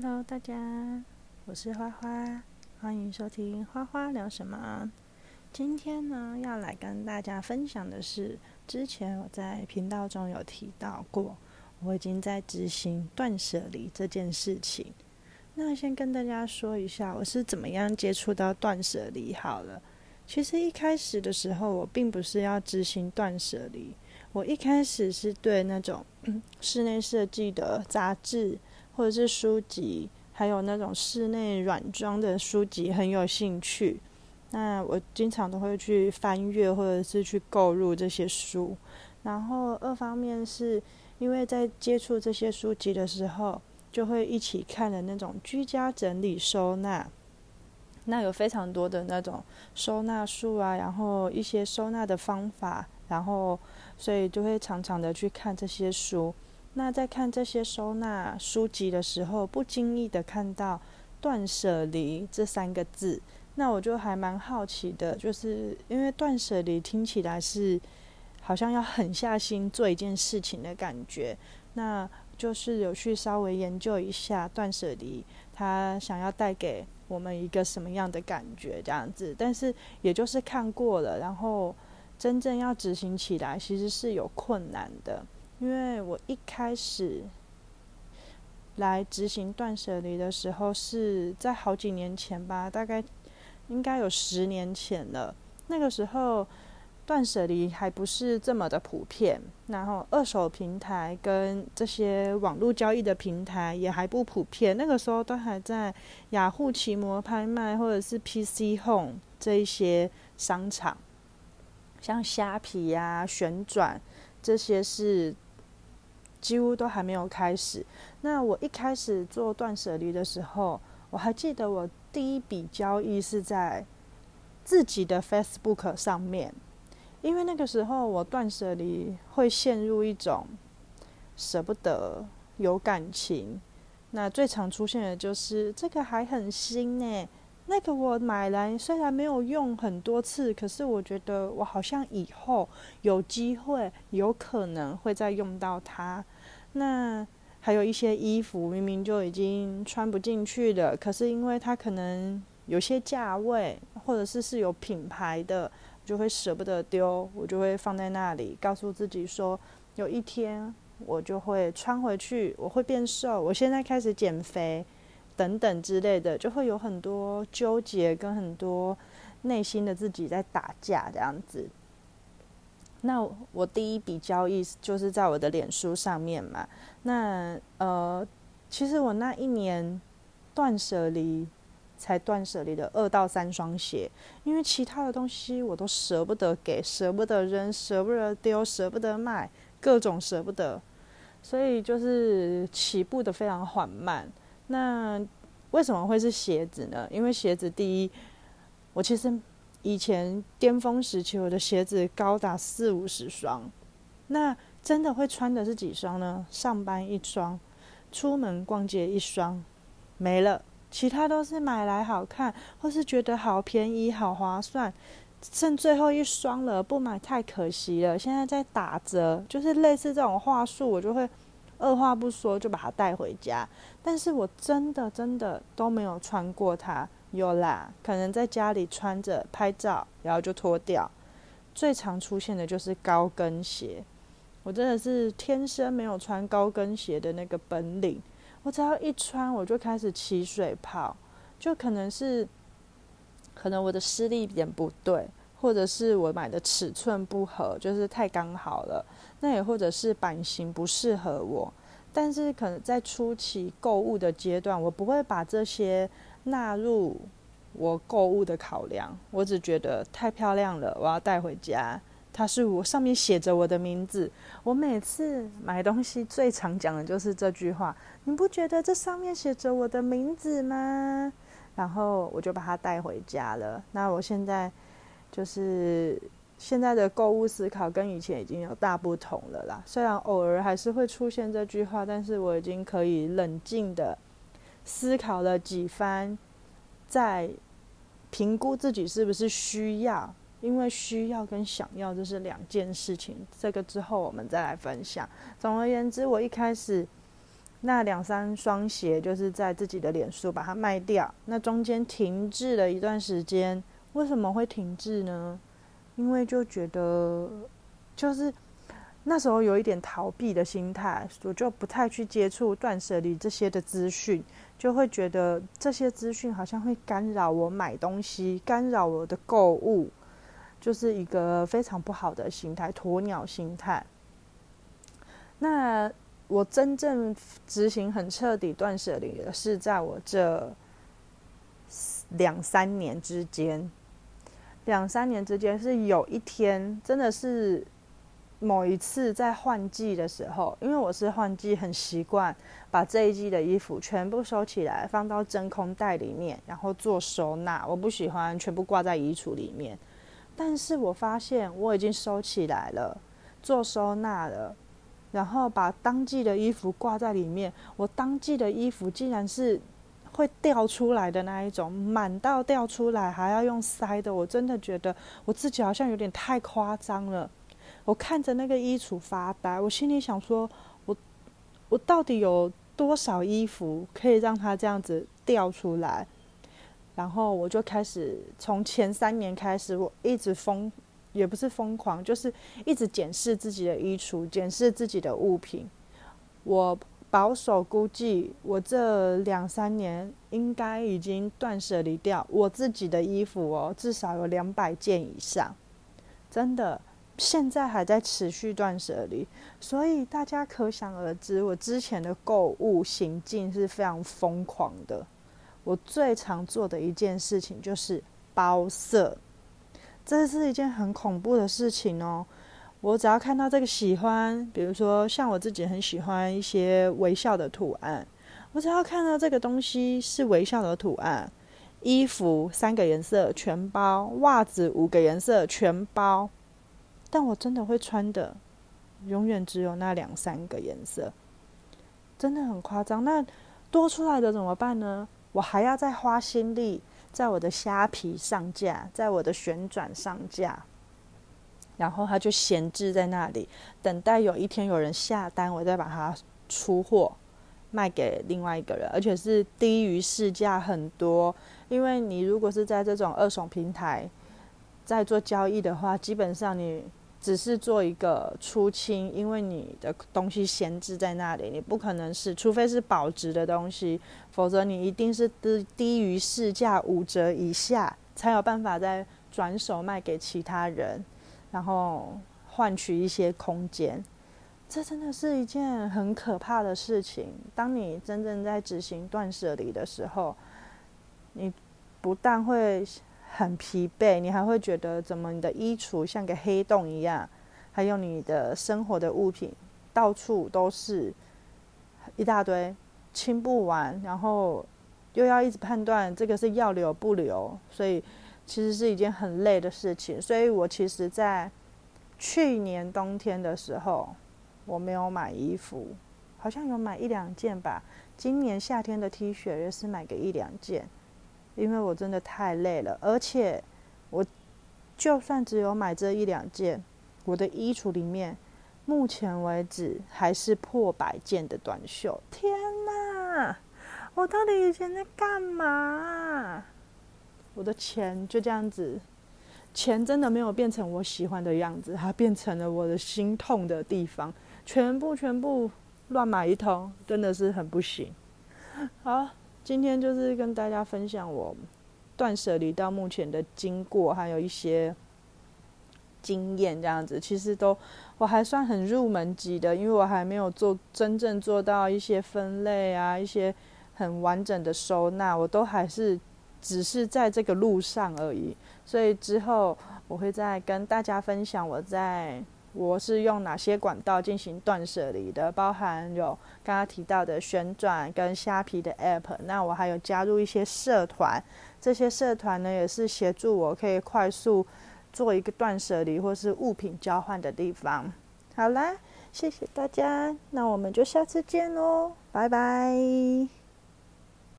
Hello，大家，我是花花，歡迎收聽花花聊什麼。今天呢，要來跟大家分享的是，之前我在頻道中有提到過，我已經在執行斷捨離這件事情。那我先跟大家說一下，我是怎麼樣接觸到斷捨離好了。其實一開始的時候，我並不是要執行斷捨離，我一開始是對那種，嗯，室內設計的雜誌。或者是書籍，還有那種室內軟裝的書籍很有興趣。那我經常都會去翻閱，或者是去購入這些書。然後二方面是因為在接觸這些書籍的時候，就會一起看的那種居家整理收納。那有非常多的那種收納術啊，然後一些收納的方法，然後所以就會常常的去看這些書。那在看這些收納書籍的時候，不經意的看到“斷捨離”這三個字，那我就還蠻好奇的，就是因為“斷捨離”聽起來是好像要狠下心做一件事情的感覺，那就是有去稍微研究一下“斷捨離”，它想要帶給我們一個什麼樣的感覺這樣子。但是也就是看過了，然後真正要執行起來，其實是有困難的。因為我一開始來執行斷捨離的時候是在好幾年前吧，大概應該有十年前了。那個時候斷捨離還不是這麼的普遍，然後二手平台跟這些網絡交易的平台也還不普遍。那個時候都還在雅虎、ah、奇摩拍賣或者是 PC Home 這一些商場，像蝦皮呀、啊、旋轉這些是。幾乎都還沒有開始。那我一開始做斷舍離的時候，我還記得我第一筆交易是在自己的 Facebook 上面，因為那個時候我斷舍離會陷入一種舍不得有感情。那最常出現的就是這個還很新呢、欸。那個我買來雖然沒有用很多次，可是我覺得我好像以後有機會有可能會再用到它。那還有一些衣服明明就已經穿不進去的，可是因為它可能有些價位或者是是有品牌的，就會捨不得丟，我就會放在那裡，告訴自己說有一天我就會穿回去，我會變瘦。我現在開始減肥。等等之類的，就會有很多糾結跟很多內心的自己在打架這樣子。那我第一筆交易就是在我的臉書上面嘛。那呃，其實我那一年斷捨離才斷捨離的二到三雙鞋，因為其他的東西我都捨不得給，捨不得扔，捨不得丟，捨不得賣，各種捨不得，所以就是起步的非常緩慢。那為什麼會是鞋子呢？因為鞋子，第一，我其實以前巔峰時期，我的鞋子高達四五十雙。那真的會穿的是幾雙呢？上班一雙，出門逛街一雙，沒了。其他都是買來好看，或是覺得好便宜、好划算，剩最後一雙了，不買太可惜了。現在在打折，就是類似這種話術，我就會。二話不說就把它帶回家，但是我真的真的都沒有穿過它。有啦，可能在家裡穿着拍照，然後就脫掉。最常出現的就是高跟鞋，我真的是天生沒有穿高跟鞋的那個本領。我只要一穿，我就開始起水泡，就可能是可能我的施力一點不對。或者是我買的尺寸不合，就是太剛好了，那也或者是版型不適合我。但是可能在初期購物的階段，我不會把這些納入我購物的考量。我只覺得太漂亮了，我要帶回家。它是我上面寫着我的名字。我每次買東西最常講的就是這句話：你不覺得這上面寫着我的名字嗎？然後我就把它帶回家了。那我現在。就是現在的購物思考跟以前已經有大不同了啦。雖然偶爾還是會出現這句話，但是我已經可以冷靜的思考了幾番，在評估自己是不是需要，因為需要跟想要就是兩件事情。這個之後我們再來分享。總而言之，我一開始那兩三雙鞋就是在自己的臉書把它賣掉，那中間停滯了一段時間。為什麼會停滯呢？因為就覺得就是那時候有一點逃避的心態，我就不太去接觸斷捨離這些的資訊，就會覺得這些資訊好像會干擾我買東西，干擾我的購物，就是一個非常不好的心態，鴕鳥心態。那我真正執行很徹底斷捨離的是在我這兩三年之間。兩三年之間是有一天，真的是某一次在換季的時候，因為我是換季很習慣，把這一季的衣服全部收起來，放到真空袋裡面，然後做收納。我不喜歡全部掛在衣櫥裡面，但是我發現我已經收起來了，做收納了，然後把當季的衣服掛在裡面。我當季的衣服竟然是。會掉出來的那一種，滿到掉出來，還要用塞的，我真的覺得我自己好像有點太誇張了。我看着那個衣櫥發呆，我心裡想說，我我到底有多少衣服可以讓它這樣子掉出來？然後我就開始從前三年開始，我一直瘋，也不是瘋狂，就是一直檢視自己的衣櫥，檢視自己的物品。我。保守估計，我這兩三年應該已經斷捨離掉我自己的衣服哦，至少有兩百件以上。真的，現在還在持續斷捨離，所以大家可想而知，我之前的購物行徑是非常瘋狂的。我最常做的一件事情就是包色，這是一件很恐怖的事情哦。我只要看到這個喜歡，比如說像我自己很喜歡一些微笑的圖案。我只要看到這個東西是微笑的圖案，衣服三個顏色全包，襪子五個顏色全包。但我真的會穿的，永遠只有那兩三個顏色，真的很誇張。那多出來的怎麼辦呢？我還要再花心力，在我的蝦皮上架，在我的旋轉上架。然後它就閒置在那裡，等待有一天有人下單，我再把它出貨，賣給另外一個人，而且是低於市價很多。因為你如果是在這種二手平台，在做交易的話，基本上你只是做一個出清，因為你的東西閒置在那裡，你不可能是，除非是保值的東西，否則你一定是低低於市價五折以下，才有辦法再轉手賣給其他人。然後換取一些空間，這真的是一件很可怕的事情。當你真正在執行斷捨離的時候，你不但會很疲憊，你還會覺得怎麼你的衣櫥像個黑洞一樣，還有你的生活的物品到處都是一大堆，清不完，然後又要一直判斷這個是要留不留，所以。其實是一件很累的事情，所以我其實，在去年冬天的時候，我沒有買衣服，好像有買一兩件吧。今年夏天的 T 恤也是買個一兩件，因為我真的太累了，而且我就算只有買這一兩件，我的衣櫥裡面目前為止還是破百件的短袖。天哪，我到底以前在幹嘛？我的錢就這樣子，錢真的沒有變成我喜歡的樣子，它變成了我的心痛的地方。全部全部亂買一通，真的是很不行。好，今天就是跟大家分享我斷捨離到目前的經過，還有一些經驗。這樣子其實都我還算很入門級的，因為我還沒有做真正做到一些分類啊，一些很完整的收納，我都還是。只是在這個路上而已，所以之後我會再跟大家分享我在我是用哪些管道進行斷舍離的，包含有剛剛提到的旋轉跟蝦皮的 App，那我還有加入一些社團，這些社團呢也是協助我可以快速做一個斷舍離或是物品交換的地方。好啦，謝謝大家，那我們就下次見嘍，拜拜。